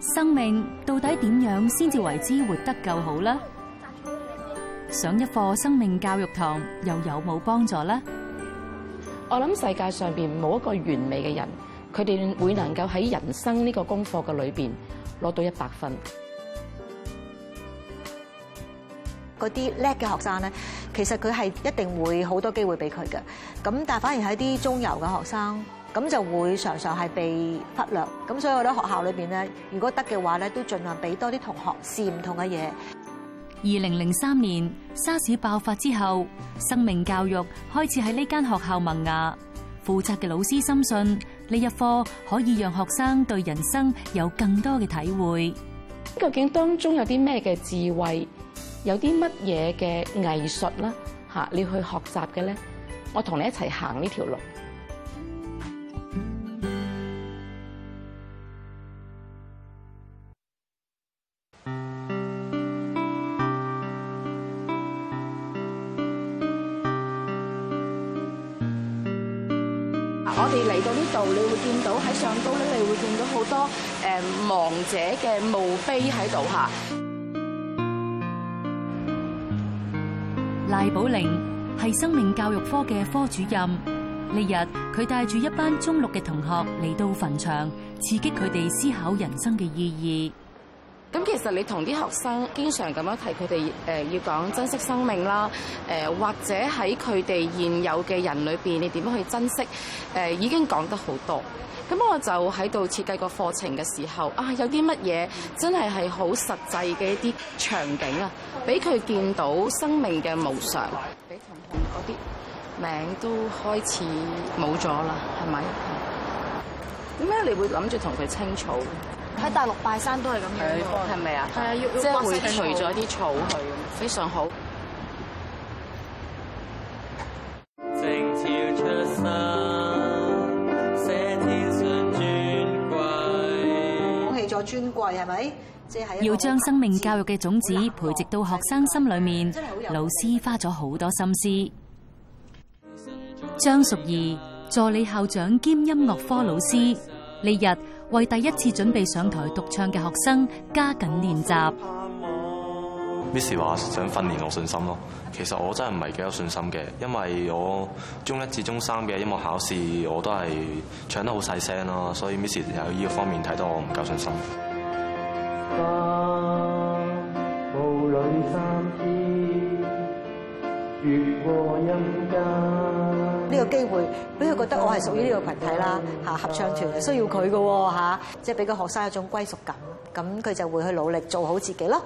生命到底點樣先至為之活得夠好咧？上一課生命教育堂又有冇幫助咧？我諗世界上邊冇一個完美嘅人，佢哋會能夠喺人生呢個功課嘅裏邊攞到一百分。嗰啲叻嘅學生咧，其實佢係一定會好多機會俾佢嘅。咁但係反而喺啲中游嘅學生。咁就會常常係被忽略，咁所以我覺得學校裏邊咧，如果得嘅話咧，都盡量俾多啲同學試唔同嘅嘢。二零零三年沙士爆發之後，生命教育開始喺呢間學校萌芽。負責嘅老師深信呢一科可以讓學生對人生有更多嘅體會。究竟當中有啲咩嘅智慧，有啲乜嘢嘅藝術啦？嚇，你要去學習嘅咧，我同你一齊行呢條路。我哋嚟到呢度，你會見到喺上高咧，你會見到好多誒亡者嘅墓碑喺度吓。賴寶伶係生命教育科嘅科主任，呢日佢帶住一班中六嘅同學嚟到墳場，刺激佢哋思考人生嘅意義。咁其實你同啲學生經常咁樣提佢哋誒要講珍惜生命啦，誒、呃、或者喺佢哋現有嘅人裏邊，你點樣去珍惜？誒、呃、已經講得好多。咁我就喺度設計個課程嘅時候，啊有啲乜嘢真係係好實際嘅一啲場景啊，俾佢見到生命嘅無常。俾同同嗰啲名都開始冇咗啦，係咪？點解你會諗住同佢清楚？喺大陸拜山都係咁樣，係咪啊？係啊，要即係除咗啲草去，非常好。捧起咗尊貴係咪？要將生命教育嘅種子培植到學生心裏面，老師花咗好多心思。張淑儀，助理校長兼音樂科老師。呢日為第一次準備上台獨唱嘅學生加緊練習說。Miss 話想訓練我信心咯，其實我真係唔係幾有信心嘅，因為我中一至中三嘅音樂考試我都係唱得好細聲咯，所以 Miss 有呢個方面睇到我唔夠信心。女三天如機會俾佢覺得我係屬於呢個群體啦，合唱團需要佢嘅喎，即係俾個學生一種歸屬感，咁佢就會去努力做好自己咯。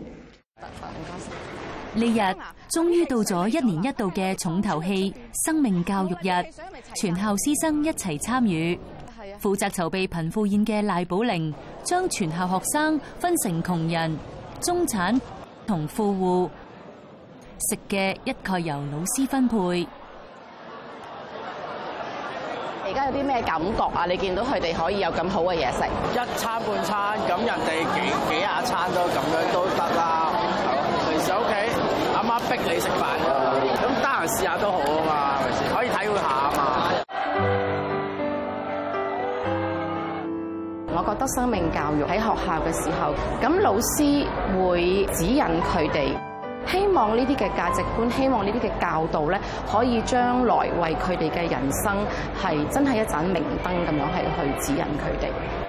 呢日終於到咗一年一度嘅重頭戲——生命教育日，全校師生一齊參與。負責籌備貧富宴嘅賴寶伶，將全校學生分成窮人、中產同富戶，食嘅一概由老師分配。而家有啲咩感覺啊？你見到佢哋可以有咁好嘅嘢食，一餐半餐咁，人哋幾幾啊餐都咁樣都得啦。平時喺屋企，阿媽逼你食飯啊，咁得閒試下都好啊嘛，係咪可以體會下啊嘛。我覺得生命教育喺學校嘅時候，咁老師會指引佢哋。希望呢啲嘅價值觀，希望呢啲嘅教導咧，可以將來為佢哋嘅人生係真係一盞明燈咁樣，係去指引佢哋。